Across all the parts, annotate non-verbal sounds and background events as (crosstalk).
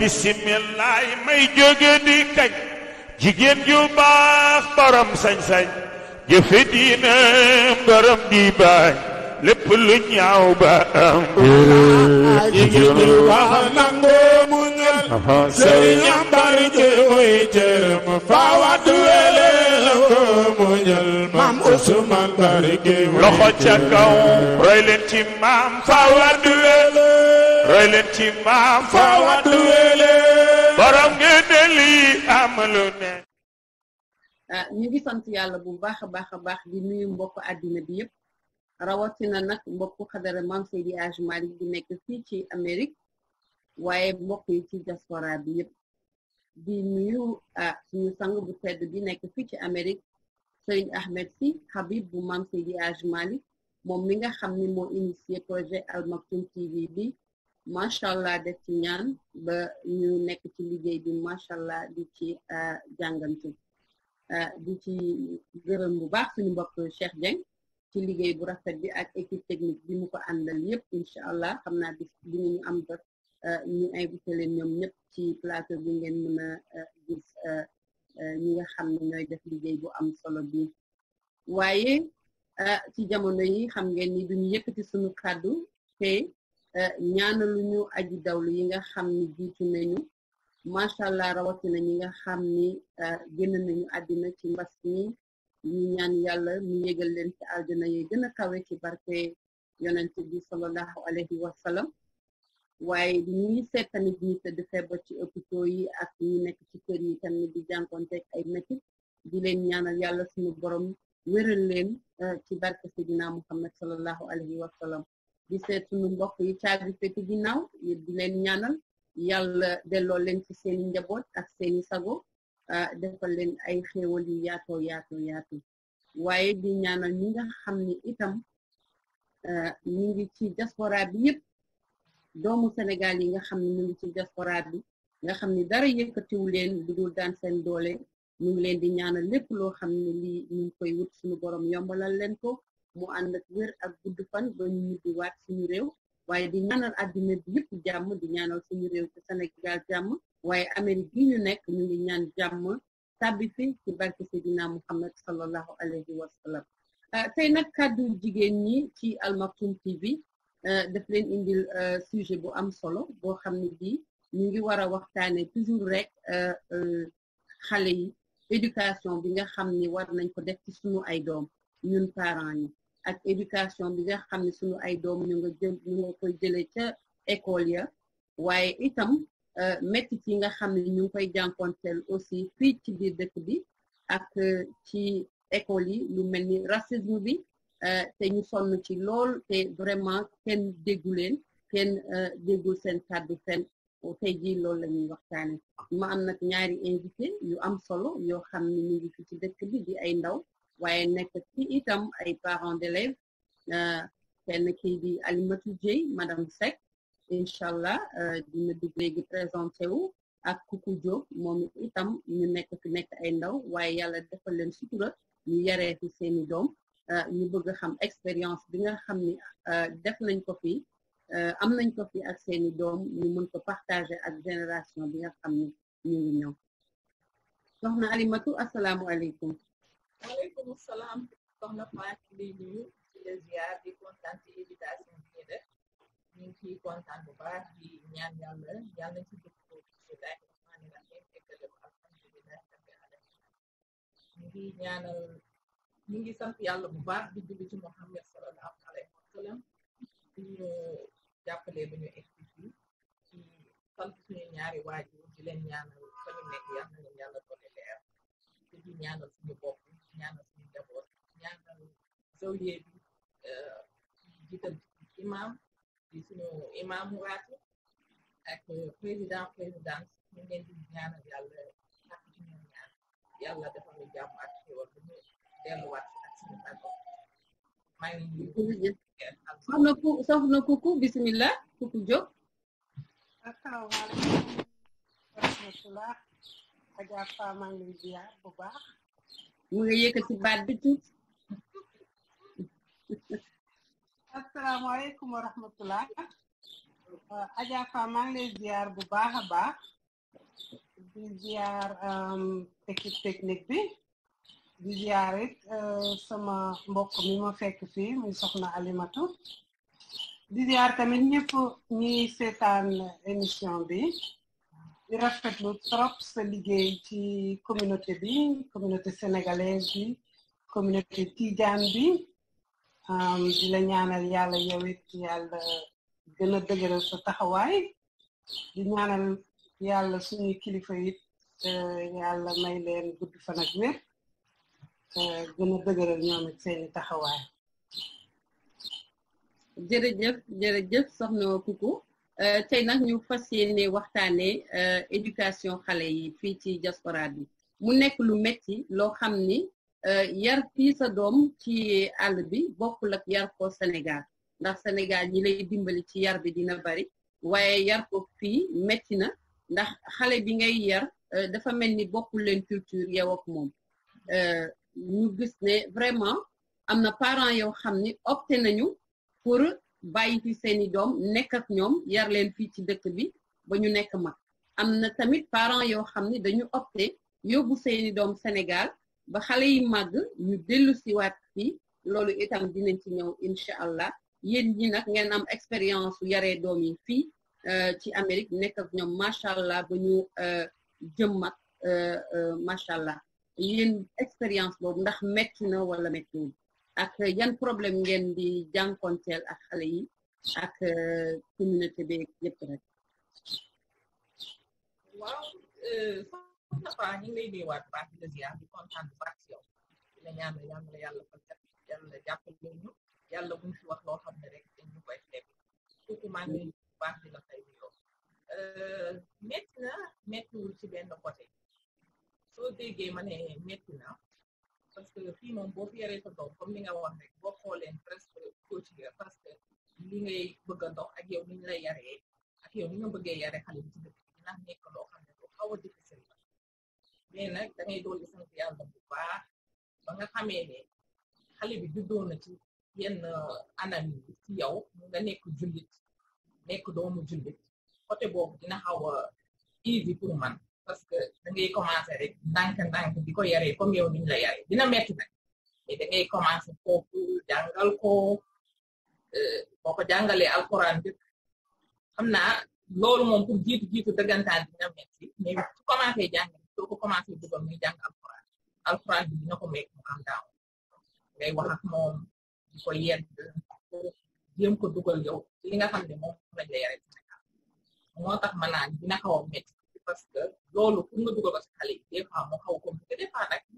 bisimilaay may jóge di kañ jigéen ju baax borom sañ-sañ jëfe diina borom di bañ lépp lu ñaaw ba am jigéen ju baax nangoo mu ñël sëriñam bari ci oy cërëm fa wàddu wele ko mu ñël maam Usmaan bari ci loxo ca kaw roy leen ci maam fa wàddu wele roy ci maam Fawadu Wele borom ngeen lii amalu ne ah, ñu ngi sant yàlla bu baax a baax a baax bi nuyu mbokk àddina bi yëpp rawatina nag mbokku xadara maam Seydi Hadji Malick nekk fii ci Amérique waaye mbokk yi ci diaspora bi yëpp ah, suñu sang bu tedd bi nekk fii ci Amérique Serigne Ahmed Sy Habib bu maam Seydi Hadji Malick moom mi nga xam ni moo initié projet Al TV bi macha allah def ci ñaan ba ñu nekk ci liggéey bi macha allah di ci euh, jàngantu euh, di ci gërëm bu baax suñu mbokk Cheikh Dieng ci liggéey bu rafet bi ak équipe technique bi mu ko àndal yëpp incha allah xam naa di dinañu am jot euh, ñu invité leen ñoom ñëpp ci plateau bi ngeen mën a gis ñi nga xam ne ñooy def liggéey bu am solo bi waaye ci jamono yi xam ngeen ni duñu yëkkati suñu kàddu te Eh, ñaanalu ñu aji dawlu yi nga xam ni jiitu nañu macha allah rawatina ñi nga xam ni eh, génn nañu àddina ci mbas mi ñu ñaan yàlla mu yégal leen ci aljana yi gën a kawe ci barke yonente bi salallahu alayhi wa sallam waaye ñu ngi seet tamit ñi tëdd feebar ci hôpitaux yi ak ñu nekk ci kër yi tamit di jànkonteeg ay métit di leen ñaanal yàlla suñu borom wéral leen eh, ci barke Seydina Muhammad salallahu alayhi wa sallam di seet suñu mbokk yi caabi feti ginnaaw di leen ñaanal yàlla delloo leen ci seeni njaboot ak seeni sago ah, defal leen ay xéewal yu yaatoo yaato yaatu waaye di ñaanal ñi nga xam ni itam ah, ñu ngi ci diaspora bi yëpp yi nga xam ne ñu ngi ci diaspora bi nga xam ne dara yëkkatiw leen du dul daan seen doole ñu ngi leen di ñaanal lépp loo xam ne lii ñu ngi koy wut suñu borom yombalal leen ko moo ànd ak wér ak gudd fan ba ñu ñibbi waat suñu réew waaye di ñaanal àddina bi jàmm di ñaanal suñu réew ci Sénégal jàmm waaye Amérique bi ñu nekk ñu ngi ñaan jàmm tàbbi fi ci barke Seydina Muhammad sallallahu alayhi wa ah, tey nag kàddu jigéen ñi ci Al Maktoum TV ah, daf leen indil ah, sujet bu am solo boo xam ne bii ñu ngi war a waxtaane toujours rek xale yi éducation bi nga xam ni war nañ ko def ci suñu ay doom ñun parents yi ak éducation bi nga xam ne suñu ay doom ñu nga jël ñu nga koy jëlee ca école ya waaye itam euh, métit yi nga xam ne ñu ngi koy jànkonteel aussi fii ci biir dëkk bi ak euh, ci école yi lu mel ni racisme bi euh, te ñu sonn ci lool te vraiment kenn déggu leen kenn déggul seen kàddu fenn tey jii loolu la ñuy waxtaane ma am nag ñaari invité yu am solo yoo xam ne ñu ci dëkk bi di ay ndaw waaye nekk ci itam ay parents d'élèves kenn kii di Alimatu Dieye madame Seck incha allah euh, dina dugg léegi présenté ak Kuku Diop moom itam ñu nekk fi nekk ay ndaw waaye yàlla defal leen sutura ñu yaree fi seeni doom euh, ñu bëgg a xam expérience bi nga xam ni euh, def nañ ko fi am nañ ko fi ak seeni doom ñu mën ko partager ak génération bi nga xam ni ñu ngi ñëw soxna Alimatu asalaamualeykum waaleykum salaam soxna Fatou di nuyu di la ziar di kontaan ci invitation bi ñu def ñu ngi ciy kontaan bu baax di ñaan yàlla yàlla ci dugg ngi ñaanal ñu ngi sant yàlla bu baax di julli ci Muhammad sallallahu alayhi wa sallam di ñu jàppale ba ñu egg ci ci sant suñu ñaari waajur di leen ñaanal fa ñu ñaanal suñu bopp ñaanal suñu njaboot ñaanal zawiya bi euh, jiital imam di suñu imaamu président ñaan yàlla dafa ñu ñu delluwaat ak suñu tàggo maa ngi jërëjëf soxna soxna kuku bismillah kuku jóg asalaamaaleykum warahmatullah ajaa fa bu baax mu nga yëkkati baat bi tuuti asalaamaaleykum wa rahmatullah euh, Adja Fa lay ziar bu baax a baax di ziar euh, équipe technique bi di ziar it euh, sama mbokk mi ma fekk fii muy soxna Alimatu di ziar tamit ñëpp ñiy seetaan émission bi di rafetlu trop sa liggéey ci communauté bi communauté sénégalaise bi communauté tijaan bi di la ñaanal yàlla yow it yàlla gën a dëgëral sa taxawaay di ñaanal yàlla suñu kilifa it euh, yàlla may leen gudd fan ak wér euh, gën a dëgëral seeni taxawaay jërëjëf jërëjëf soxna Koukou Euh, tey nag ñu fas yéene waxtaanee euh, éducation xale yi fii ci diaspora bi mu nekk lu metti loo xam ni euh, yar fii sa doom ci àll bi bokkul ak yar ko Sénégal ndax Sénégal ñi lay dimbali ci yar bi dina bari waaye yar ko fii metti na ndax xale bi ngay yar dafa mel ni bokkul leen culture yow ak moom ñu gis ne vraiment am na parents yoo xam ni opté nañu pour bàyyi fi seeni doom nekk ñoom yar leen fii ci dëkk bi ba ñu nekk mag am na tamit parents yoo xam ne dañu opté yóbbu seeni doom Sénégal ba xale yi màgg ñu dellu siwaat fii loolu itam dinañ ci ñëw incha allah yéen ñi nag ngeen am expérience yaree doom yi fii euh, ci Amérique nekk ak ñoom macha allah ba ñu euh, jëm mag euh, macha allah yéen expérience boobu ndax metti na wala mettiwul ak yan problème ngeen di jànkonteel ak xale yi ak euh, communauté bi rek waaw soxna euh, Faa ñu lay déewaat baax la ziar di kontaan bu baax di la ñaanal yàlla na yàlla fa buñ fi wax loo xam ne rek dañu koy xeeb euh, ci benn côté soo déggee ma ne métti na parce que fii moom boo fi yaree sa doom comme ni nga wax rek boo xooleen presque coaching parce que li ngay bëgg a ak yow ni ñu lay yaree ak yow ni nga bëggee yaree xale bi ci dëkk bi ndax nekk loo xam ne lu xaw a difficile la mais nag da ngay dolli ba nga xamee ne xale bi juddoo ci yenn euh, anam ci yow nga nekk jullit nekk doomu jullit côté boobu dina xaw a pour man parce que da ngay commencé rek ndànk ko yaree dina metti nag mais da ngay commencé kooku jàngal ko euh, boo ko jàngalee alxuraan xam naa loolu moom pour jiitu jiitu dëggantaan dina metti mais su commencé jàng soo ko commencé dina ko meek mu am daaw ngay wax ak moom di ko ko dugal yow li xam ne moom ma naan dina xaw metti parce que loolu pour nga dugal ko si xale yi des fois mu xaw compliqué des fois nag mu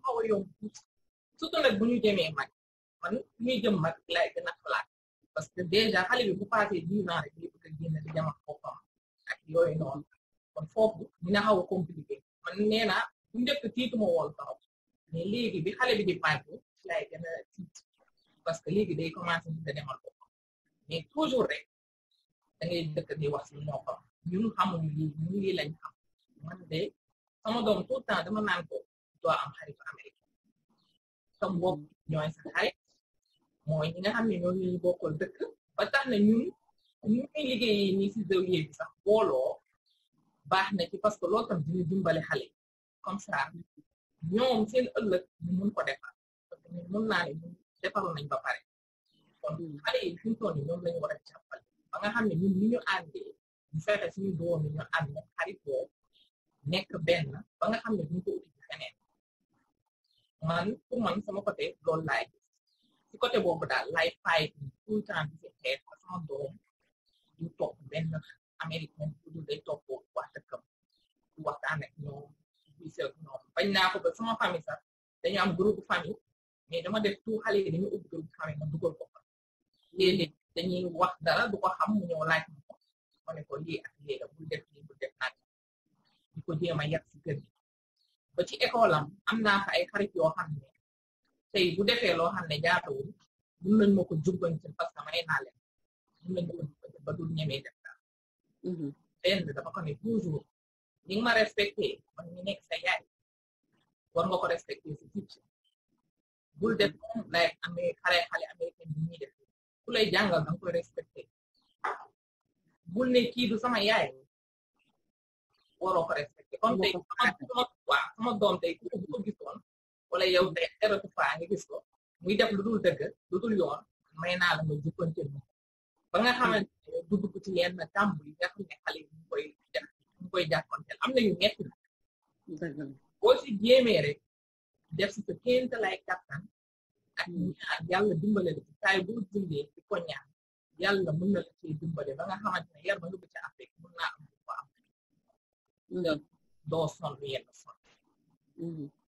xaw man ñuy jëm mag laay gën a parce que déjà xale bi bu paasee dix ans rek li bëgg a génn di jamono boppam ak yooyu noonu kon foofu dina xaw a compliqué man nee naa bu ma woon trop mais léegi bi xale bi di paase laay gën a parce que léegi day commencé di demal boppam mais toujours rek da ngay dëkk di wax si ñoo xam ñun xamuñu lii ñun man de sama doom tout temps dama naan ko doo am xaritu américain sam bopp ñooy sa xarit mooy nga xam ne ñoo ñu bokkal dëkk ba tax na ñun ñu ngi liggéeyee nii si zawiya bi sax booloo baax na ci parce que loolu tam dina dimbale xale comme ça ñoom seen ëllëg ñu mun ko defar parce que ñun mun naa ne nañ ba pare kon yi fi mu toll ñoom lañu war a ba nga xam ne ñun li ñu àndee ñu fexe suñu doom yi ñu ànd xarit boobu nekk ba nga xam ne duñ ko uti feneen man pour man sama côté loolu laay ci côté boobu daal laay fay tout le temps di ci xeet ba sama doom du topp benn américain bu dul day topp wax dëkkam du waxtaan ak ñoom du seet ñoom bañ naa ko ba sama famille sax dañu am groupe famille mais dama def tout xale yi dañu ubbi groupe famille ma dugal ko fa léeg-léeg dañuy wax dara du ko xam mu ñëw laaj ma ko ma ne ko lii ak lii la bul def lii bul def naaj ko jéem a yar ci ba ci école am am naa ay xarit yoo ne tey bu defee loo xam ne jaatawul mun nañ ma ko jubbanti parce que may naa leen mun nañ ko jubbanti ba dul ñemee def daal mhm. benn dama ko ne toujours ni nga ma respecté man mi moom lay amee xale xale def ku lay jàngal danga koy respecté sama yaay waroo ko respecté comme tey sama waaw sama doom tey ku ko gisoon wala yow tey gis ko muy def lu dul dëgg yoon may naa la nga ba nga hmm. xamante ne du dugg ci yenn kàmb yi nga xale yi na yu metti na si si sa lay kattan ak hmm. ñaar yàlla dimbale la ci saay boo dundee ci ko na la ci dimbale ba nga xamante ne yar ma yóbbu ci Afrique mën naa am ko am doo ah, sol lu yenn sol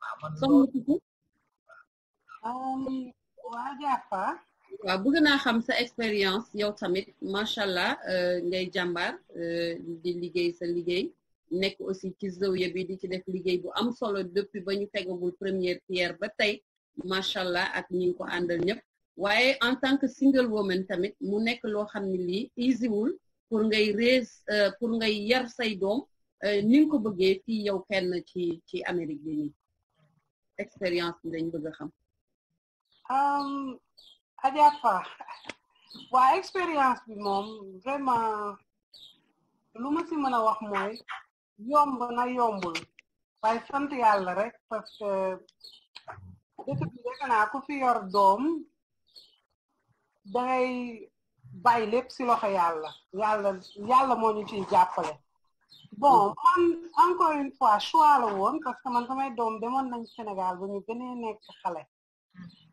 waaw man loolu waa jàppa waaw ah, bëgg naa xam sa expérience yow tamit macha allah ngay eh, jàmbaar eh, di liggéey sa liggéey nekk aussi ci zawiya bi di ci def liggéey bu am solo depuis ba ñu tegagul première pierre ba tey macha allah ak ñi ngi ko àndal ñëpp waaye en tant que single woman tamit mu nekk loo xam ne lii easy wul pour ngay raise euh, pour ngay yar say doom Euh, ni ko bëggee fii yow kenn ci ci Amérique bi expérience bi lañ bëgg a xam um, Adja Fa waa expérience bi moom vraiment lu ma si mën a wax mooy yomb na yombul waaye sant yàlla rek parce que dëkk bi defe naa ku fi yor doom dangay bàyyi lépp si loxo yàlla yàlla yàlla moo ñu ciy jàppale bon man encore une fois choix la woon parce que man samay doom demoon nañ Sénégal ba ñu gënee nekk xale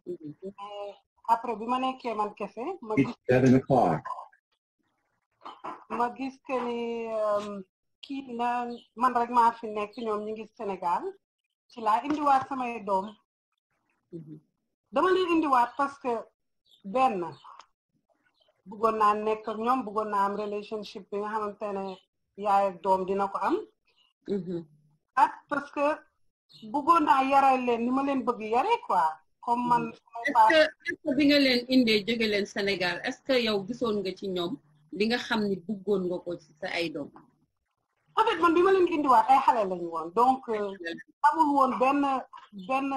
mais après bi ma nekkee man kese ma gis ma gis que ni euh, kii na man rek maa fi nekk ñoom ñu ngi Sénégal ci laa indiwaat samay doom dama leen indiwaat parce que benn bëggoon naa nekk ak ñoom bugoon naa am relationship bi nga xamante yaay doom dina ko am ah parce que bëggoon naa yaral leen ni ma leen bëgg yare quoi comme man mm-hmm. est ce que bi nga leen indee jóge leen Sénégal est ce que yow gisoon nga ci ñoom li nga xam ni bëggoon ga ko ci sa ay doom en fait man bi ma leen indiwaat ay xale woon donc euh, amul woon benn benn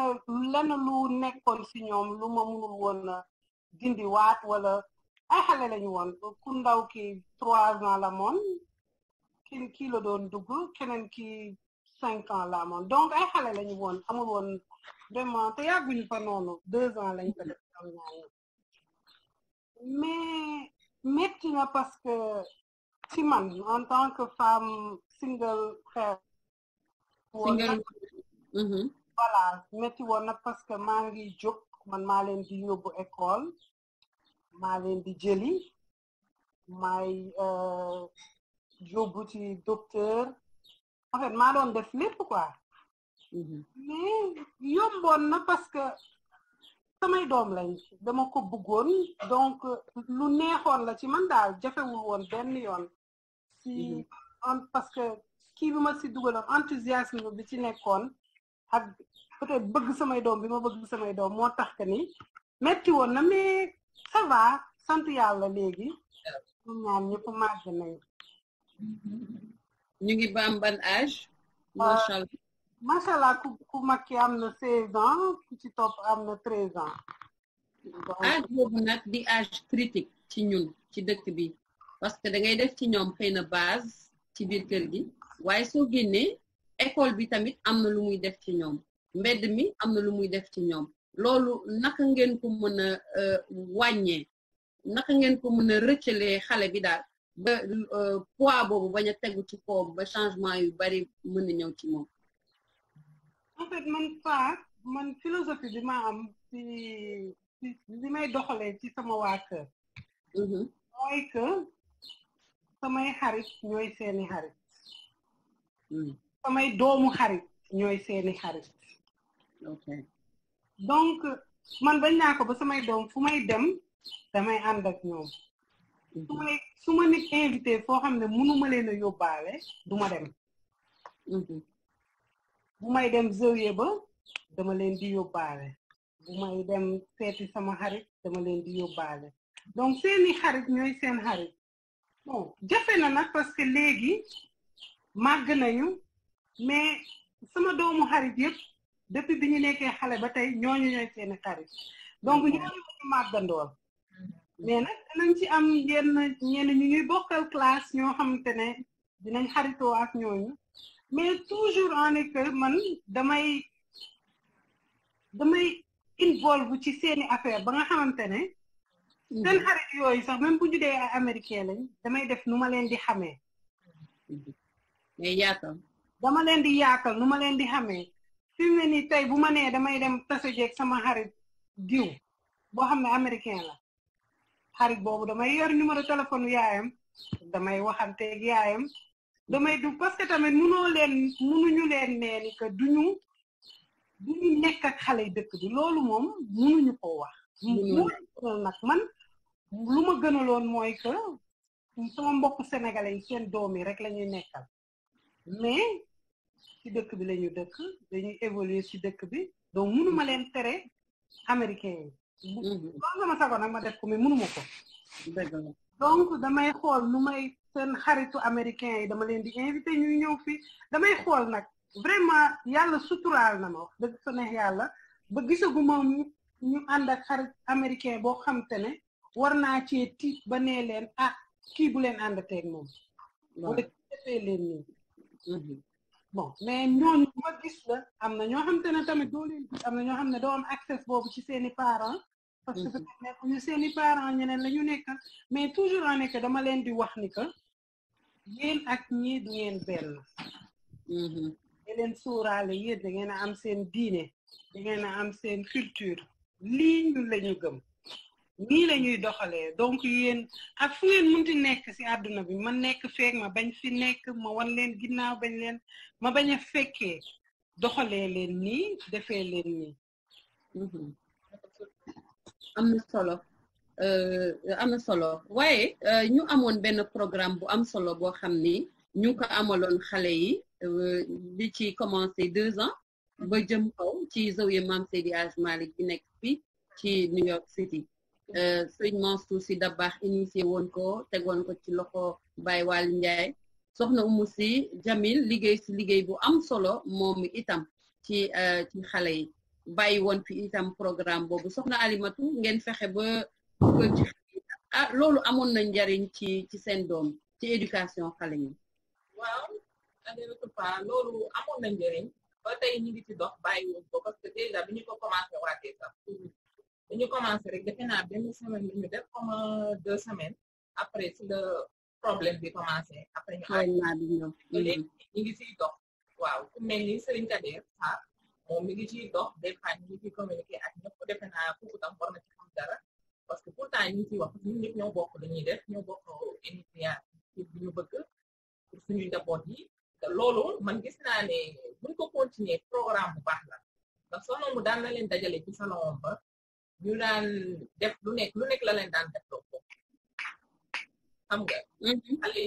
lenn lu nekkoon si ñoom lu ma woon euh, dindi waat wala ay xale lañu woon ku ndaw ki trois ans la moon kii kii la doon dugg keneen kii cinq ans la amoon donc ay xale lañu woon amul woon vraiment te yàgguñu fa noonu deux ans lañ fa def am ñaar mais métti na parce que ci man en tant que femme single parent voilà métti woon na parce que maa ngi jóg man maa leen di yóbbu école maa leen di jëli maay euh, yóbbu ci docteur en fait maa doon def lépp quoi mm-hmm. mais yomboon na parce que samay doom lañ dama ko bëggoon donc lu neexoon la ci man daal jafewul woon benn yoon si mm-hmm. parce que kii bi ma si dugaloon enthousiasme bi ci nekkoon ak peut-être bëgg samay doom bi ma bëgg samay doom moo tax que ni metti woon na mais ça va sant yàlla léegi ñoom ñaan ñëpp màgg nañ ñu ngi ba am ban âge. Euh, macha allah ku ku mag ki am na 16 ans ku ci topp am nag di âge critique ci ñun ci dëkk bi parce que da ngay def ci ñoom xëy na base ci biir kër gi waaye soo génnee école bi tamit am na lu muy def ci ñoom mbedd mi am na lu muy def ci ñoom loolu naka ngeen ko mën a euh, wàññee naka ngeen ko mën a rëccalee xale bi daal. ba euh, poids boobu bañ a tegu ci koom ba changement yu bari mën na ñëw ci moom en fait man faa man philosophie bi ma am ci li may doxalee ci sama waa kër mm-hmm. mooy que samay xarit ñooy seeni xarit mm. samay doomu xarit ñooy seeni xarit donc man bañ naa ko ba samay doom fu may dem damay ànd ak ñoom su ma nekk invité foo xam ne mënuma leen a yóbbaale du ma dem bu may dem zawiya ba dama leen di yóbbaale bu may dem seeti sama xarit dama leen di yóbbaale donc seeni xarit ñooy seen xarit bon na nag parce que léegi màgg nañu mais sama doomu xarit yëpp depuis bi ñu nekkee xale ba tey ñooñu ñooy seeni xarit donc ñooñu ñu màggandool mais nag dinañ ci am yenn ñenn ñu ñuy bokkal classe ñoo xamante ne dinañ xaritoo ak ñooñu mais toujours en est man damay damay involve ci seeni affaire ba nga xamante ne seen mm-hmm. xarit yooyu sax même bu ñu dee ay américain lañ damay def nu ma leen di xamee mais yaatal dama leen di yaatal nu ma leen di xamee fi mu ne nii tey bu ma nee damay dem tasejeeg sama xarit diw boo xam ne américain la xarit boobu damay yor numéro téléphone yaayam damay waxanteeg yaayam damay du parce que tamit munoo leen ñu leen nee ni que duñu duñu nekk ak xale yi dëkk bi loolu moom ñu ko wax munuñu nag man lu ma gënaloon mooy que sama mbokk sénégalais seen doom yi rek lañuy ñuy nekkal mais ci dëkk bi la dëkk dañuy évoluer ci dëkk bi donc munuma leen tere américain yi Mm-hmm. loolu la ma sagoon nag ma def ko mais mënuma ko donc damay xool nu may seen xaritu américain yi dama leen di invité ñuy ñëw fii damay xool nag vraiment yàlla suturaal na ma wax dëgg fa neex yàlla ba gisaguma ñu ànd ak xarit américain boo xam ne war naa cee tiit ba nee leen ah kii bu leen ànd teeg moom wala kii defee leen nii mm-hmm. bon mais ñooñu ma gis la am na ñoo xam ne tamit doo leen gis am na ñoo xam ne doo am accès boobu ci seeni parents parce que mm-hmm. nekkuñu seen i parents ñeneen lañu ñu mais toujours en effet dama leen di wax ni que yéen ak ñii du ngeen benn mm-hmm. da leen sóoraale yéen da ngeen a am seen diine da ngeen a am seen culture lii ñun lañu gëm nii lañuy doxalee donc yéen ak fu ngeen munti nekk ci àdduna bi ma nekk feeg ma bañ fi nekk ma wan leen ginnaaw bañ leen ma bañ a fekkee doxalee leen nii defee leen nii mm-hmm. am na solo euh, am na solo waaye euh, ñu amoon benn programme bu am solo boo xam ni ñu ngi ko amaloon xale yi euh, li ci commencé deux ans ba jëm kaw ci zawiya Maam Seydi Aj Malick bi nekk fii ci New York City sëñ Mansour Sy Dabakh initié woon ko tegoon ko ci loxo Baye Waly Ndiaye soxna Umu Sy Jamil liggéey si liggéey bu am solo moom itam ci ci xale yi Bayi won fi itam programme bobu soxna alimatu ngeen fexé ba dugal ci ah loolu amoon na njariñ ci ci sen doom ci éducation xalé yi waaw adéatu pa lolu amon na njariñ ba tay ñi ngi ci dox bayi won ko parce que déjà biñu ko commencé waté sax biñu commencé rek defé na ben semaine bi ñu def comme euh, deux semaines après le problème bi commencé après ñu ñu ngi ci dox waaw ku melni Serigne Kader Sarr ah, moom mi ngi ci dox des fois ñu ngi ciy communiqué ak ñëpp defe naa kooku tam war na ci xam dara parce que pourtant ñu ngi ciy wax ñoo bokk dañuy def ñoo bokk initiative bi ñu bëgg pour suñuy njaboot yi te loolu man gis naa ne buñ ko continuer programme bu baax la ndax salon mu daan na leen dajale ci salon ba ñu daan def lu nekk lu nekk la leen daan def loo ko xam nga mm-hmm. xale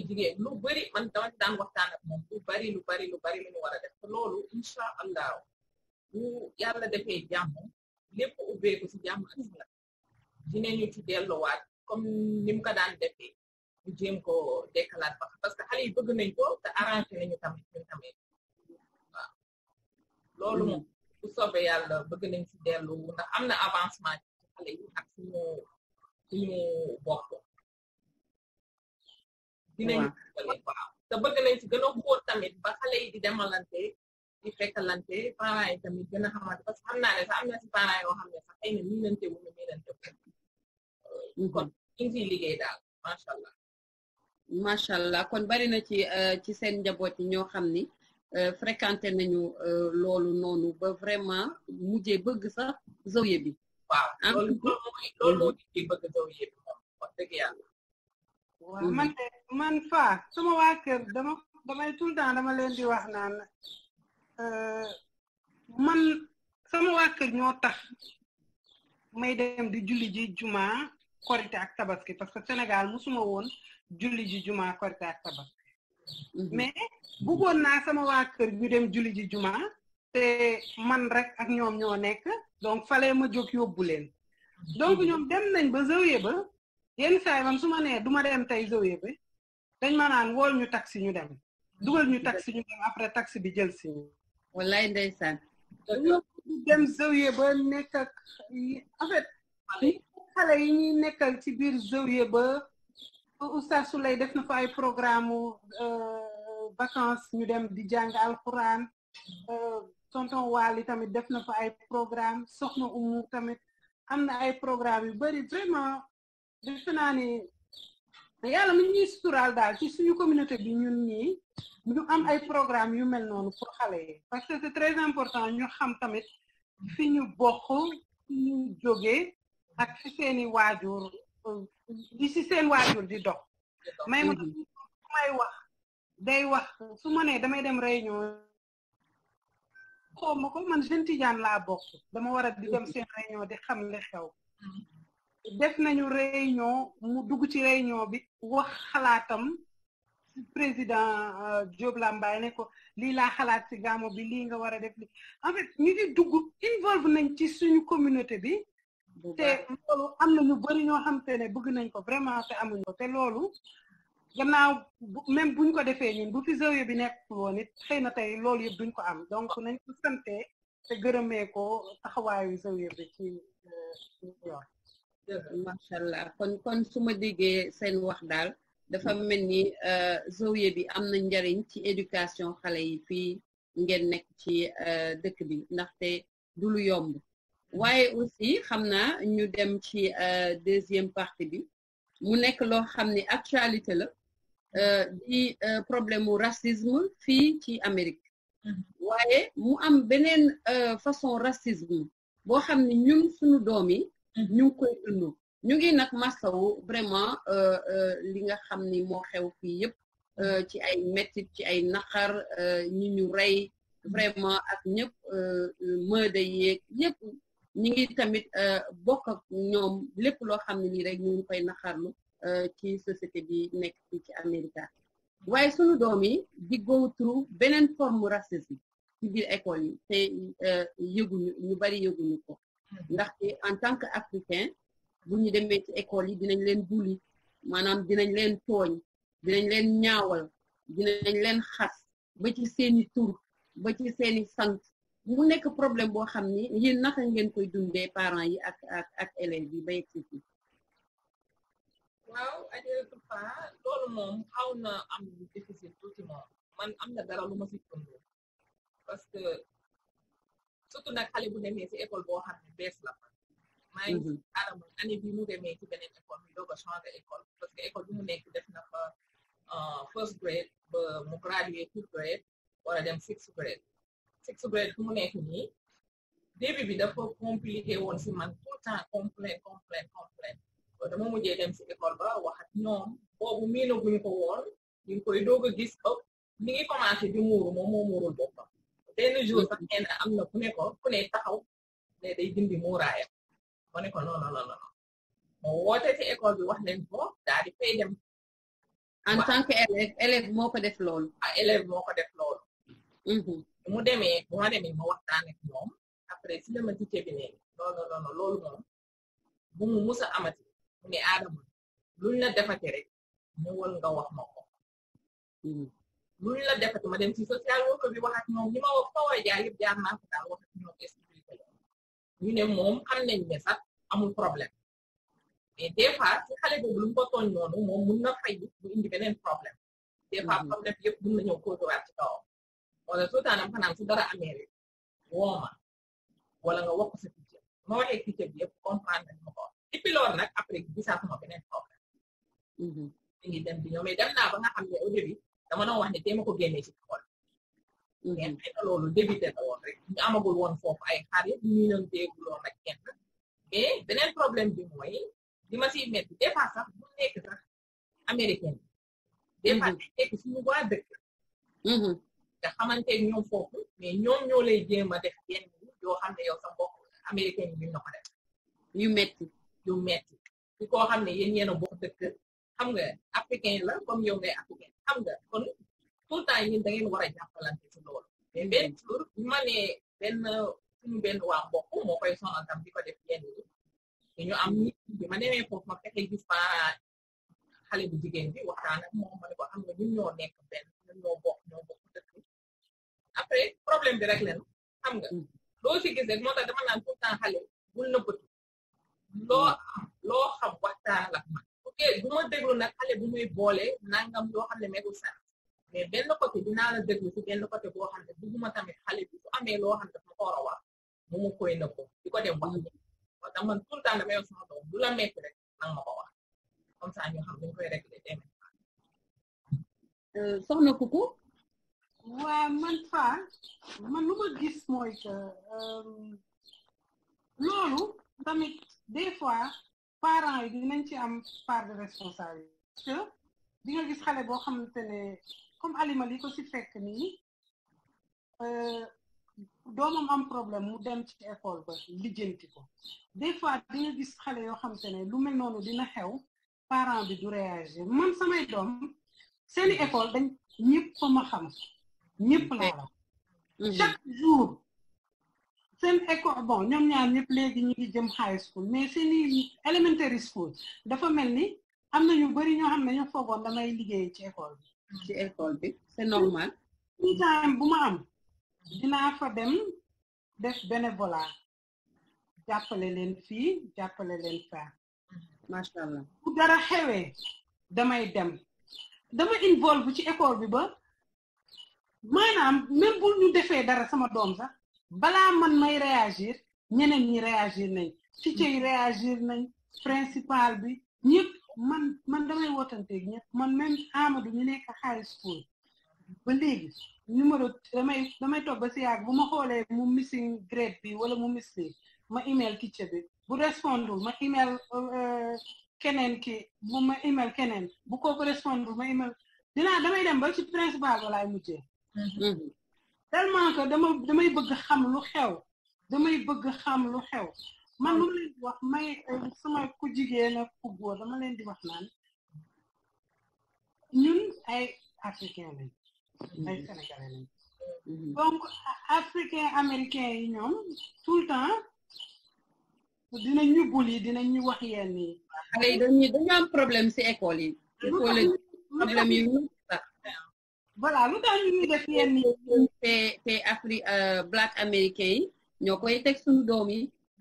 lu bari man dama daan waxtaan ak bari lu ñu war a loolu incha allah bu yàlla defee jàmm lépp ubbeeku ci jàmm ak la dinañu ci delluwaat comme ni mu ko daan defee ñu jéem ko dekkalaat ba parce que xale yi bëgg nañ ko te arrangé nañu tamit ñun tamit loolu moom bu soobee yàlla bëgg nañ ci dellu ndax am na avancement ci xale yi ak suñu suñu bopp dinañ waaw te bëgg nañ ci gën a xóot tamit ba xale yi di demalante di fekkalante parents yi tamit gën a xamante parce que xam naa ne sax am na si parents yoo xam ne sax xëy na miinante wu ñu miinante wu euh, kon ñu ngi liggéey daal macha allah. macha allah kon bari na ci euh, ci seen njaboot yi ñoo xam ni euh, fréquenté nañu loolu noonu ba vraiment mujjee bëgg sax zawiya bi. waaw ah, loolu mhm. mooy loolu moo di bëgg zawiya bi moom wax dëgg yàlla. waaw man man fa suma waa kër dama damay tout le temps dama leen di wax naan. Euh, man sama waa kër ñoo tax may dem di julli ji jumaa korite ak tabaski parce que Sénégal musuma woon julli ji jumaa korite ak tabaski mhm. mais bëggoon naa sama waa kër ñu dem julli ji juma te man rek ak ñoom ñoo nekk donc falee ma jóg yóbbu leen donc mhm. ñoom dem nañ ba zawiya ba yenn saay man su ma nee du ma dem tey zawiya ba dañ ma naan wool ñu taxi ñu dem dugal ñu taxi ñu dem après taxi bi jël si wallaay ndeysaan dem zawiya ba nekk ak xale yi ñuy nekkal ci biir zawiya ba oustaz Souley def na fa ay programme euh, vacances ñu dem di jàng alquran euh, tonton Waly tamit def na fa ay programme soxna Umu tamit am na ay programme yu bëri vraiment defe yàlla mi ñuy suturaal daal ci suñu communauté bi ñun ñii ñu am ay programme yu mel noonu pour xale yi parce que c'est très important ñu xam tamit fi ñu bokk fi ñu jógee ak fi seeni waajur di si seen waajur di dox may ma mhm. wax su ma nee damay dem réunion xaw ma ko man jeune Tidiane laa bokk dama war a di dem seen réunion di xam li xew mhm. def nañu réunion mu dugg ci réunion bi wax xalaatam président euh, Diop Lambaye ne ko lii laa xalaat ci gàmmu bi lii nga war a def li en fait ñu dugg involve nañ ci suñu communauté bi te am na ñu bëri ñoo xam te ne bëgg nañ ko vraiment te amuñ ko te loolu gannaaw même buñ ko defee ñin bu fi zoyo bi nekk woon it xëy na tey loolu yëpp duñ ko am donc nañ ko sante te gërëmee ko taxawaayu zoyo bi ci euh, New allah kon kon su ma déggee seen wax daal dafa mel ni zawiya bi am na njariñ ci éducation xale yi fii ngeen nekk ci euh, dëkk bi ndaxte du yomb waaye aussi xam naa ñu dem ci euh, deuxième partie bi mu nekk loo xam ni actualité la euh, di problème mu racisme fii ci Amérique mhm. waaye mu am beneen façon racisme boo xam ni ñun suñu doom yi mhm. ñu ngi koy dund ñu ngi nag masawu vraiment li nga xamni mo xew fi yëpp ci ay metti ci ay naqar ñi ñu ray vraiment ak ñëpp euh mëda yeeg yëpp ñi ngi tamit bokk ak ñoom lépp loo xam ne nii rek ñu ngi koy naqarlu ci société bi nekk fii ci Amérique waaye sunu doom yi di go through beneen forme racisme ci biir école yi te yëguñu ñu bari yëguñu ko ndax en tant que africain bu ñu demee ci école yi dinañ leen bulli maanaam dinañ leen tooñ dinañ leen ñaawal dinañ leen xas ba ci seeni tur ba ci seeni sant mu nekk problème boo xam ni yéen naka ngeen koy dundee parents yi ak ak ak élèves yi bay ci fi waaw ajëtu papa loolu moom xaw na am difficile tuuti moom man am na dara lu ma si dund parce que surtout nag xale bu demee si école boo xam ne bees la fa maa ngi mmh bi mu demee ci beneen école mi doog a changé école parce école bi mu nekk def na fa euh, first grade ba mu gradué fifth grade wala dem sixth grade sixth grade fu mu nekk nii début bi dafa compliqué woon fi man tout temps complain complain complain ba dama mujjee dem si école ba wax ak ñoom boobu miino guñ ko woon ñu koy doog gis ëpp mi ngi commencé di muuru moom moo muurul boppam benn jour sax mmh kenn am na ku ne ku ne taxaw ne day dindi muuraayam ma ne ko non non non ma woote ci école bi wax leen ko daal di fay dem. en tant que élève élève moo ko def loolu. ah élève moo ko def loolu. mu demee bu ma demee ma waxtaan ak ñoom après si la ma ci bi ne non non non loolu moom bu mu mus a amati mu ne Adama luñ la defati rek ñëwal nga wax ma ko. luñ la defati ma dem ci social worker bi wax ak ñoom ñi ma wax fa war a jaar yëpp jaar naa ko daal wax ak ñoom est ñu ne moom xam nañ ne sax amul problème mais des fois ci xale boobu lu mu ko tooñ noonu bu indi problème des fois mhm. problème yëpp mun wala suutaanam xanaan dara amee rek ma wala nga wax ko sa teacher ma waxee teacher bi ko et puis loolu nag après gisaatuma beneen problème mhm. mi ngi dem bi ñoom mais dem naa ba nga xam ne au début dama doon wax ne téema ko mais mmh. loolu débuté la woon rek woon foofu ay xarit ñu leen dégguloon li ma siy métti des fois sax bu nekk sax mmh. mmh. nga xamante ñoom foofu mais ñoom ñoo lay jéem a def yenn yoo xam ne yow sa mbokk américain yi duñ la ko def yu metti yu metti su koo xam ne yéen yéen a bokk dëkk xam nga africain la comme yow ngay africain xam nga kon tout le temps ñun da ngeen war a jàppalante ci loolu mais benn jour ñu ma ne benn suñu benn waa mbokk moo koy sonal ñu am nit bi ma demee jigéen waxtaan ak moom ma ko xam nga ñun ñoo nekk benn ñun ñoo bokk ñoo après problème bi rek leen xam nga mm. loo ci gis moo tax dama naan tout temps xale bul nëbbatu mm. loo xam waxtaan ak man ok bu ma nag xale bu muy nangam yoo xam ne meeku sax mais benn côté dinaa la déglu si benn côté boo xam ne bugguma tamit xale bi su amee loo xam ne ma ko war a wax mu mu koy nëbb di ko dem wax parce que man tout le temps damay wax sama doom bu la métti rek nang ma ko wax comme ça ñu xam dañ koy réglé demee euh, soxna kuku waa man faa man lu ma gis mooy que euh, loolu tamit des fois parents yi dinañ ci am part de responsabilité parce que di nga gis xale boo xamante ne comme alima li ko ci fekk nii euh, doomam am problème mu dem ci école ba lijjanti ko des fois gis xale yoo xam te ne lu mel noonu dina xew parent bi du réagir man samay doom seeni école dañ ñépp ko ma xam ñépp laa la mhm. chaque jour seen école bon ñoom ñaar ñëpp léegi ñu ngi jëm high school mais seeni elementary school dafa mel ni am na ñu bari ñoo xam ne ñu foogoon damay liggéey ci école bi ci école bi c'est normal. bu ma am dinaa fa dem def bénévolat jàppale leen fii jàppale leen faa macha bu dara xewee damay dem dama involve ci école bi ba maanaam même bu ñu defee dara sama doom sax balaa man may réagir ñeneen ñi réagir nañ teacher yi réagir nañ principal bi ñëpp man man damay wootanteeg ñëpp man même Amadou ñu nekk high school ba léegi numéro damay damay toog ba si yàgg bu ma xoolee mu missing grade bi wala mu missing ma email teacher bi bu respondul ma email euh, keneen ki bu ma email keneen bu ko kooku respondul ma email dinaa damay dem ba ci principal ba laay mujjee mm-hmm. tellement que dama damay bëgg xam lu xew damay bëgg xam lu xew man lu ma leen di wax may euh, sama ku jigéen ak ku góor dama leen di wax naan ñun ay africain lañ mm-hmm. ay sénégalais lañ mm-hmm. donc africain américain yi ñoom tout le temps dinañ ñu bul yi dinañ ñu wax yenn yi xale yi dañu am problème si école yi école yi problème yi ñu sax voilà lu tax ñu ñuy def yenn te te euh, black américain yi ñoo koy teg suñu doom yi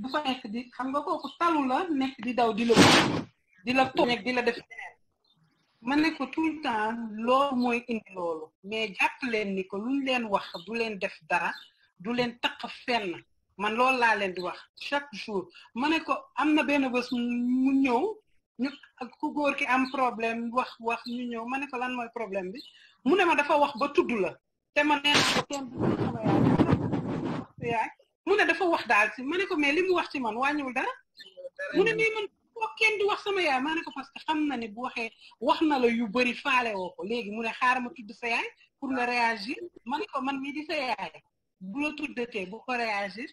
du fa nekk di xam nga kooku talu la nekk di daw di la di la di la def man ne ko tout le temps loolu mooy indi loolu mais jàpp leen ni ko luñ leen wax du leen def dara du leen taq fenn man loolu laa leen di wax chaque jour ma ne ko am na benn bés mu ñëw ñu ku góor ki am problème wax wax ñu ñëw ma ne ko lan mooy problème bi mu ne ma dafa wax ba tudd la te ma neen ko kenn du sama yaay mu ne dafa wax daal si ma ne ko mais li mu wax ci man wàññiwul dara mu ne mais man boo kenn di wax sama yaay maa ne ko parce que xam na ne bu waxee wax na la yu bëri faale woo ko léegi mu ne xaar ma tudd sa yaay pour nga réagir ma ko man mii di sa yaay bu la tuddatee bu ko réagir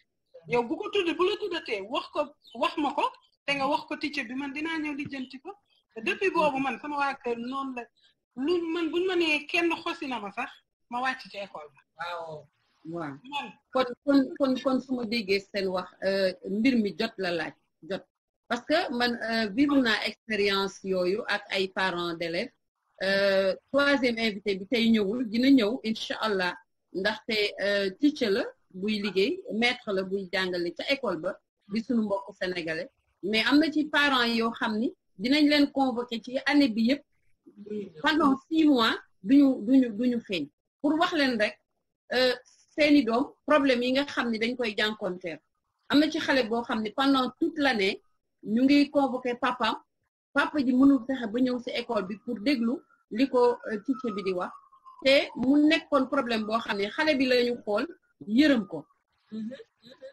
yow bu ko tudd bu la tuddatee wax ko wax ma ko te nga wax ko ticce bi man dinaa ñëw lijjanti ko depuis boobu man sama waa kër noonu la lu man buñ ma nee kenn xosi na ma sax ma wàcc ci école waaw kon kon kon kon su ma déggee seen wax euh, mbir mi jot la laaj jot parce que man euh, vivre naa expérience yooyu ak ay parents d'élèves euh, troisième invité bi tey ñëwul dina ñëw incha allah ndaxte teacher la buy liggéey maître la buy jàngale ca école ba bi sunu mbokk sénégalais mais am na ci parents yoo xam ni dinañ leen convoqué ci année bi yépp pendant six mois duñu duñu duñu feeñ pour wax leen rek seeni doom problème yi nga xam ne dañ koy jànkonteel am na ci xale boo xam ne pendant la ne ñu ngi convoqué papam papa ji mënul fexe ba ñëw si école bi pour déglu li ko euh, teacher bi di wax te mu nekkoon problème boo xam ne xale bi lañu xool yërëm ko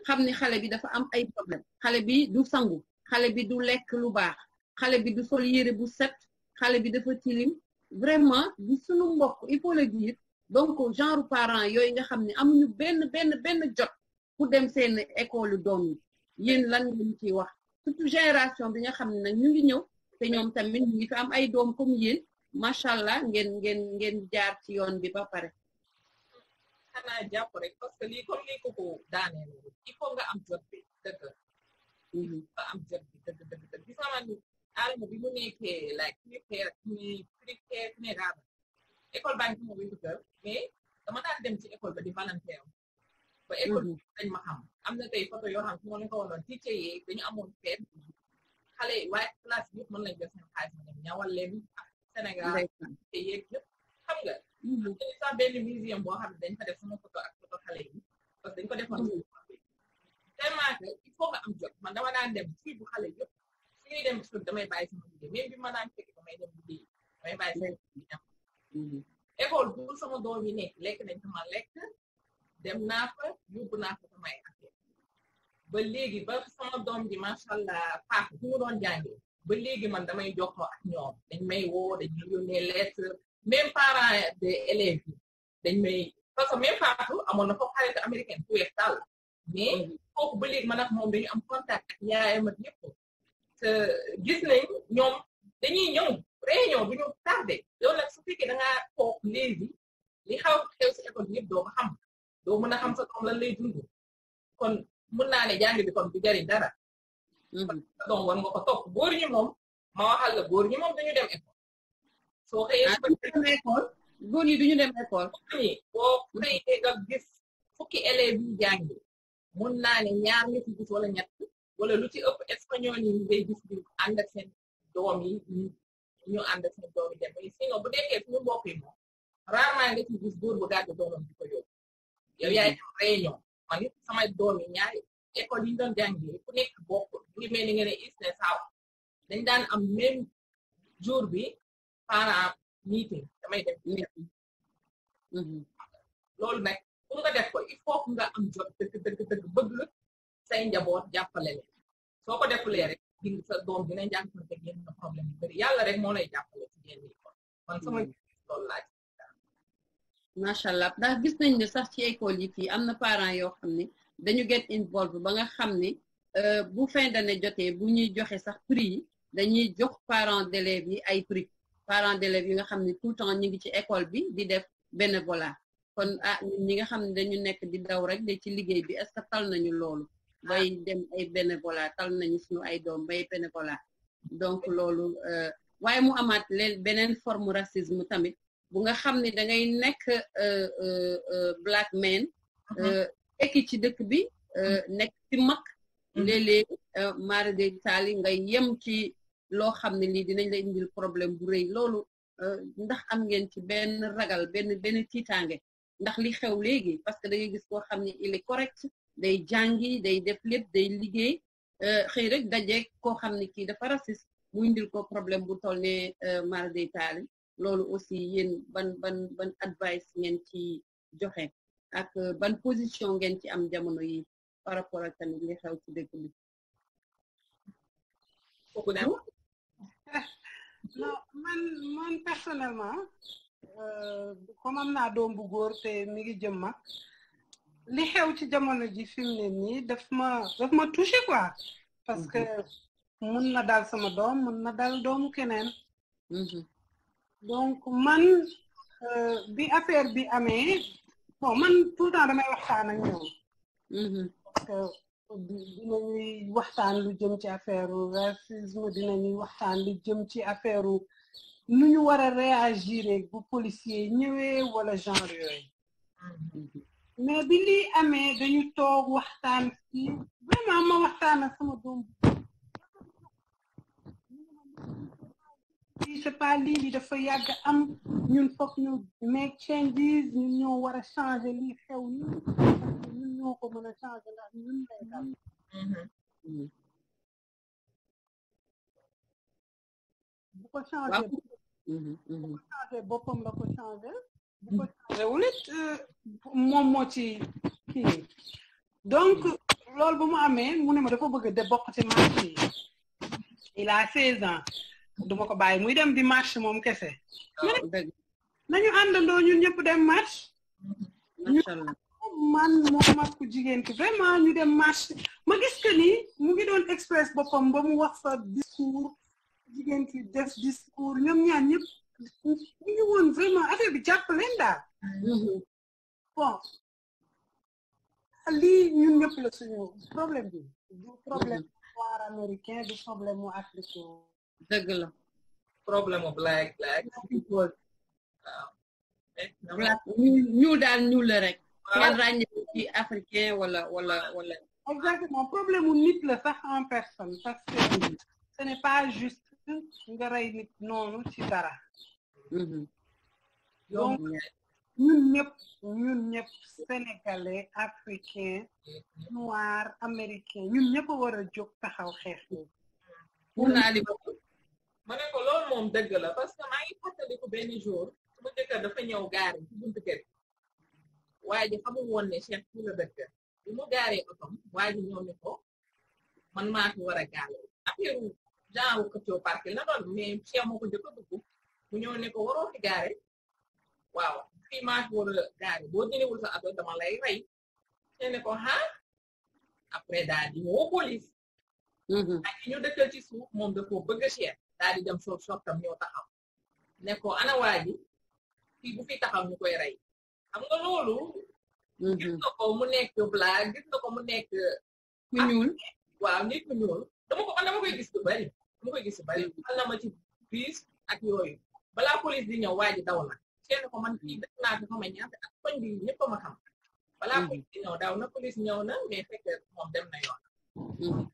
xam ni xale bi dafa am ay problème xale bi du sangu xale bi du lekk lu baax xale bi du sol yére bu set xale bi dafa tilim vraiment di sunu mbokk il faut le dire donc genre parent yooyu nga xam ne amuñu benn benn benn jot pour dem seen école yu doom yi yéen lan ngeen ciy wax génération bi nga xam ne nag ñu ngi ñëw te ñoom tamit ñu ngi fi am ay doom comme yéen macha allah ngen ngeen ngeen jaar ci yoon bi ba pare. xanaa jàpp rek parce que lii comme lii ko ko daaneel il am jot bi dëgg nga am jot bi dëgg dëgg dëgg gis naa ni aadama école baa n g m o buntu kër mais dama daan dem ci école ba di volontaire ba école dañ ma xam am na tey photo yoo xam su m o leen ko wanoon tiice yi dañu amoon f e e xale yi waaye classe i yëpp mën lañ d ë l seen xaalis ma dem ñawal leen ak Sénégal tiice yeeg yëpp xam nga dañu sax benn museum boo xam ne dañ fa def sama photo ak photo xale yi parce que dañ ko defoon tellement que il faut nga am j o b man dama daan dem fii bu xale yëpp su ñuy dem suuf damay bàyyi sama liggéey même bi ma daan fekk damay dem liggéey damay bàyyi sama liggéey école bu sama doom yi nekk lekk nañ sama lekk dem naa fa yóbbu naa fa samay affaire ba léegi ba sama doom ji macha allah paak bi mu doon jàngee ba léegi man damay jokkoo ak ñoom dañ may woo dañ may yónnee lettre même parents des élèves yi dañ may parce même Fatou amoon na foofu xarit américaine ku weex tàll mais kooku ba léegi man ak moom dañu am contact ak yaayam ak ñëpp te gis nañ ñoom dañuy ñëw réunion bu ñu tardé yow nag su fekkee da toog léegi li xaw xew si école bi doo xam doo mën a xam sa doom lan lay dund kon mun naa ne jàng bi kon du jariñ dara. kon mhm. doom war nga ko topp góor ñi moom ma waxal la góor ñi moom dañu dem école. soo xëyee ah, su dem école góor ñi duñu dem école. boo xëyee nga gis fukki élèves yi jàng mun naa ne ñaar nga ci gis wala ñett wala lu ci ëpp espagnol yi ngay gis bi ànd ak seen doom yi. ñu ànd ak suñu doomi dem sinon bu nekkee suñu mbokk yi moom rarement nga ci gis góor bu gàddu doomam di ko yow yaay am mm-hmm. réunion man samay doom ñaari école yi ñu doon jàngee ku bokk li mel ni nga ne ISNA dañ daan am même jour bi parent meeting damay def mm-hmm. loolu nag pour nga def ko il faut nga am jot dëgg dëgg dëgg bëgg say njaboot jàppale leen soo ko defulee rek di sa doom dina jànkuwante yàlla rek moo lay jàppale ci yenn yi kon mm. allah ndax gis nañ ne sax ci école yi fii am na parent yoo xam ne dañu get involve ba nga xam ne euh, bu fin d'année jotee bu ñuy joxe sax prix yi dañuy jox parents d'élèves yi ay prix parents d'élèves yi nga xam ne tout le temps ñu ngi ci école bi di def bénévolat kon ah ñi nga xam ne dañu nekk di daw rek de ci liggéey bi est tal nañu loolu bay dem ay bénévola tal nañu suñu ay doom bay bénévola donc loolu euh, waaye mu amaat leen beneen forme racisme tamit bu nga xam ne da ngay nekk euh, euh, black man mhm. tekki ci dëkk bi mhm. nekk ci mag mhm. léeg-léeg mara de taali nga yem ci loo xam ne lii dinañ la indil problème bu rëy loolu ndax am ngeen ci benn ragal benn benn tiitaange ndax li xew léegi parce que da gis koo xam ne il correct day jàngi day def lépp day liggéey euh, xëy rek dajeeg koo xam ne kii dafa raciste mu indil ko problème bu toll ne euh, mar day loolu aussi yéen ban ban ban advice ngeen ci joxe ak euh, ban position ngeen ci am jamono yi par rapport ak tamit li xew ci dëkk bi (laughs) man man personnellement comme am doom bu góor te mi ngi jëm mag li xew ci jamono ji fi mu ne nii daf ma daf ma touché quoi parce que mhm. mun na dal sama doom mun na dal doomu keneen mhm. donc man euh, bi affaire bi amee bon man tout temps damay mhm. waxtaan lu jëm ci affaire u dina dinañuy waxtaan lu jëm ci affaire u nu ñu war a réagir bu policier ñëwee wala genre yooyu mais bi lii amee dañu toog waxtaan ci vraiment ma waxtaan ak sama doom bi c'est pas lii li dafa yàgg am ñun foog ñu make changes ñun ñoo war a changer lii xew ñun ñoo ko mën a changer ndax ñun lay dal mm-hmm. mm-hmm. Mm-hmm. bu ko changer boppam la ko changer bu ko changéwul moom moo ci kii donc loolu ba mu amee mu ne ma dafa bëgg de bokk ci marché yi il a seize duma ko bàyyi muy dem di marché moom kese nañu àndandoo ñun ñëpp dem marché ñu man moom jigéen ki vraiment ñu dem marché ma gis que ni mu ngi doon express boppam ba mu wax fa discours jigéen ki def discours ñoom ñaan ñëpp ñu woon vraiment affaire bi jàpp leen daal. Mm-hmm. bon lii ñun ñëpp la suñu problème bi du problème noir américain du problème mu africain. dëgg la problème mu black black. waaw black ñu daal ñu la rek. kenn ràññee ci africain wala wala wala. exactement problème mu nit la sax en personne parce que ce n'est pas juste. nga rey nit noonu ci dara mm-hmm. donc ñun ñëpp ñun ñëpp sénégalais africain noir américain ñun ñëpp a war a jóg taxaw xeex nii mun naa li ma ko loolu moom dëgg la parce que maa ngi fàttaliku benn jour sama jëkkër dafa ñëw gaari ci buntu kër waa ji xamul mu gaaree otom waa ji ñëw ni ko man maa fi war a gaale affaire genre xëccoo parking la loolu mais Cheikh moo ko njëkk a dugg mu ñëw ne ko waroo fi gaare waaw fii maa fi war a gaare boo jëlewul sa oto dama lay rey ñu ne ko ah après daal di woo police. Mm-hmm. ak ñu dëkkal ci suuf moom dafa bëgg a Cheikh daal di dem soo sottam ñëw taxaw ne ko ana waa ji fii bu fi taxaw ñu koy rey xam nga loolu. Mm-hmm. gis nga ko mu nekk blague gis nga ko mu nekk. ku ñuul waaw nit ku ñuul dama ko man dama koy gis lu bari. lu ko gis bari al na ma ci biis ak yooyu balaa police di ñëw waa daw na kenn ko man ñaata ak koñ bi a ma xam balaa hmm. ñëw na police fekk moom dem na yoon hmm.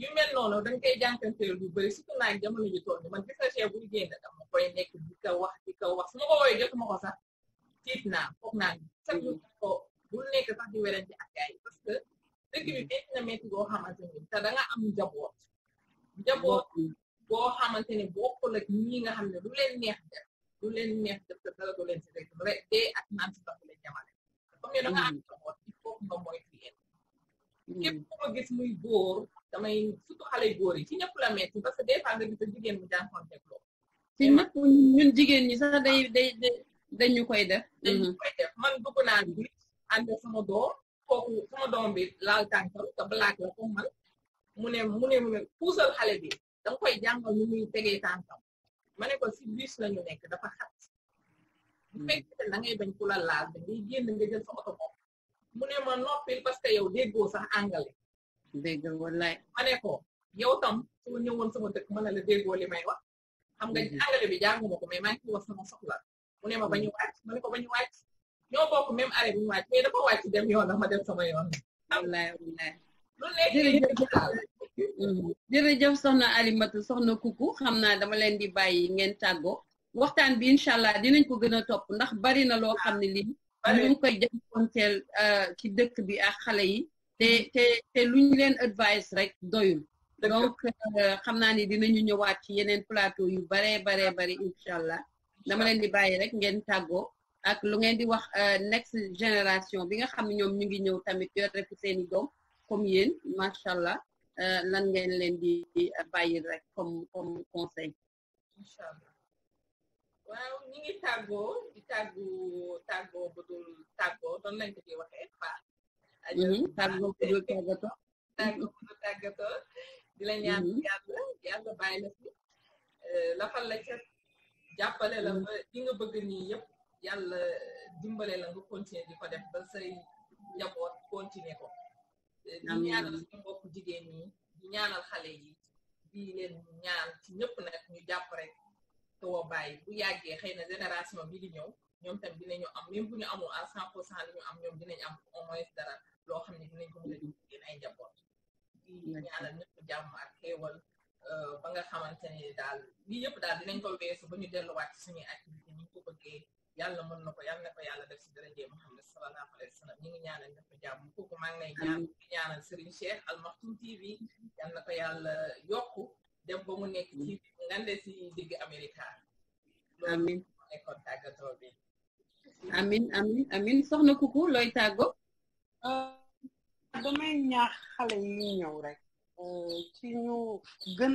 yu mel noonu dañ koy jànkanteel lu bëri surtout naag ji tool ni man gis na chef buy dama koy nekk di wax di wax su ma ko woowee jotuma ko sax tiit naa foog naa sax ñu nekk sax di werante ak gars yi parce que dëkk bi metti na metti boo xamante ni te da am njaboot njaboot boo xamante ne bokkul ak ñi nga xam ne lu leen neex def lu leen neex def te dara du leen si rek rek dee ak naan si ndox leen mooy fi yéen mm-hmm. képp ku gis muy góor damay surtout xale góor yi ci ñëpp la metti parce que des fois nga gis a jigéen mu jànkoonteeg loolu ci ñëpp ñun jigéen ñi sax day day dañu koy def mm-hmm. dañu koy def man dugg naa bi ànd sama doom kooku sama doom bi laal tànkal te blaak la comme man mu ne mu ne mu ne puusal xale bi da nga koy jàngal nu muy tegee ne dafa xat da ngay bañ ku la laal da mu ne ma parce que yow déggoo sax anglais dégg wallaay ma ne ko yow tam soo ñëwoon sama dëkk mën wax xam nga mhm. anglais wax sama soxla mu ne ma ba ñu mhm. ñoo bokk même arrêt bi ñu wàcc mais dafa wàcc dem yoon ma dem sama yoon wallaay jërëjëf jërëjëf soxna Alimatu soxna Kuku xam naa dama leen di bàyyi ngeen tàggoo waxtaan bi inshallah dinañ ko gën a topp ndax bari na loo xam ne lii ñu ngi koy jànkuwanteel euh, ci dëkk bi ak xale yi te te te luñ leen advice rek doyul donc euh, xam naa ni dinañu ñëwaat ci yeneen plateau yu bare bare bare inshallah dama leen di bàyyi rek ngeen tàggoo ak lu ngeen di wax euh, next génération bi nga xam ne ñoom ñu ngi ñëw tamit yor ko seeni doom comme yéen macha allah lan euh, ngeen leen di bàyyil rek comme comme conseil. incha allah waaw ñu ngi tàggoo di tàggoo bu dul tàggoo doon lañ ko di waxee fa. Mhm. tàggoo mhm. yàlla yàlla bàyyi la fi euh, lafal la ca jàppale la mhm. ba di nga bëgg nii yëpp yàlla dimbale la nga continuer di ko def ba say njaboot continuer ko. Eh, di ñaanal suñu mbokk jigéen ñi di ñaanal xale yi di leen ñaan ci ñëpp nag ñu jàpp rek too bàyyi bu yàggee xëy na génération bi di ñëw ñoom tam dinañu am même bu ñu amul à cent pour cent li ñu am ñoom dinañu am au dara loo xam ne dinañ ko mën a jigéen ay njaboot di ñaanal ñëpp jàmm ak xéewal euh, ba nga xamante ne daal lii yëpp daal dinañ ko weesu ba ñu delluwaat ci suñuy activité ñu ko bëggee yàlla mën na ko yàlla na ko yàlla def si daraje Muhammad sallallahu alayhi wa sallam ñu ngi ñaanal def ko jàmm kooku maa ngi lay ñaan di ñaanal Serigne Cheikh TV yàlla ko yàlla yokku dem ba mu nekk ci ngande si digg Amerika amiin nekkoon tàggatoo bi amin amin amin soxna kuku looy tàggo uh, damay ñaax xale yi ñëw rek uh, ci ñu gën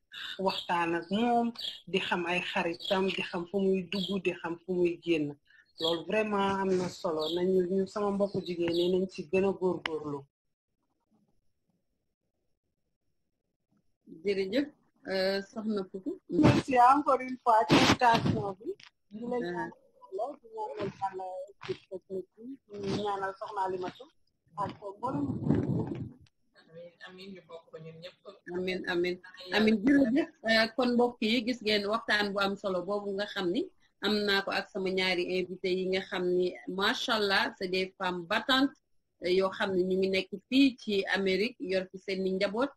waxtaan ak moom di xam ay xaritam di xam fu muy dugg di xam fu muy génn lool vraiment am na solo nañu ñu sama mbokku jigéen ñi nañ ci gën a góorgóorlu. jërëjëf euh, soxna Poukou. merci encore une fois ci invitation euh. soxna Alimatou amin ñu bokk ko ñun ñëpp amin amin amin euh, kon mbokk yi gis ngeen waxtaan bu am solo boobu nga xam ni am naa ko ak sama ñaari invité yi nga xam ni macha allah c'est des femmes battantes euh, yoo xam ne ñu ngi nekk fii ci Amérique yor fi seen i njaboot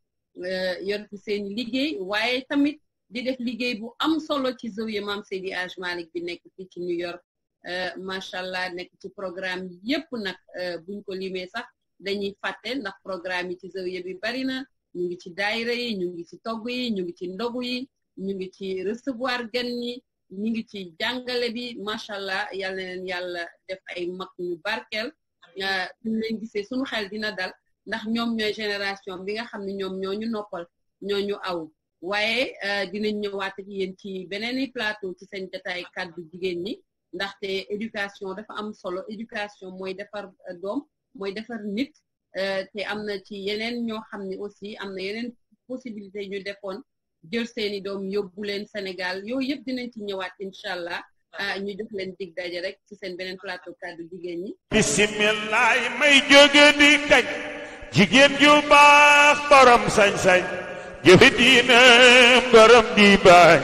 euh, yor fi seen liggéey waaye tamit di def liggéey bu am solo ci zawiya Maam Seydi Hadj Malick bi nekk fii ci New York macha allah nekk ci programme yëpp nag buñ ko limee sax dañuy fàtte ndax programme yi ci zawiya bi bari na ñu ngi ci daayira yi ñu ngi ci togg yi ñu ngi ci ndogu yi ñu ngi ci recevoir gan ñi ñu ngi ci jàngale bi macha allah yal leen yàlla def ay mag ñu barkel suñ ah, leen gisee suñu xel dina dal ndax ñoom ñooy génération bi nga xam ne ñoom ñoo ñu noppal ñoo ñu aw waaye ah, dinañ ñëwaat ak yéen ci beneen i plateau ci seen jotaay kàddu jigéen ñi ndaxte éducation dafa am solo éducation mooy defar ah, doom mooy defar nit euh, te am na ci yeneen ñoo xam ne aussi am na yeneen possibilité ñu defoon jël seeni doom yóbbu leen Sénégal yooyu yëpp dinañ ci ñëwaat incha allah ah. Ah, ñu jox leen dig daje rek ci seen beneen plateau kàddu jigéen ñi bisimilaay may jóge di kañ jigéen ju baax borom sañ-sañ jëfe diina borom di bañ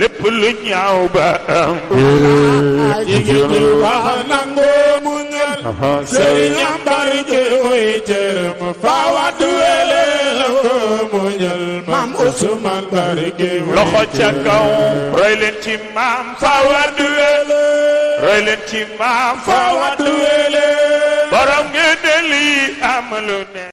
lépp lu ñaaw ba am jigéen ju baax nangoo sëriñ am barke way cërëm fa waddu wele la ko muñal maam Usmaan barke loxo ca kaw roy leen ci maam fa waddu wele roy leen ci maam fa waddu wele borom ngeen li am lu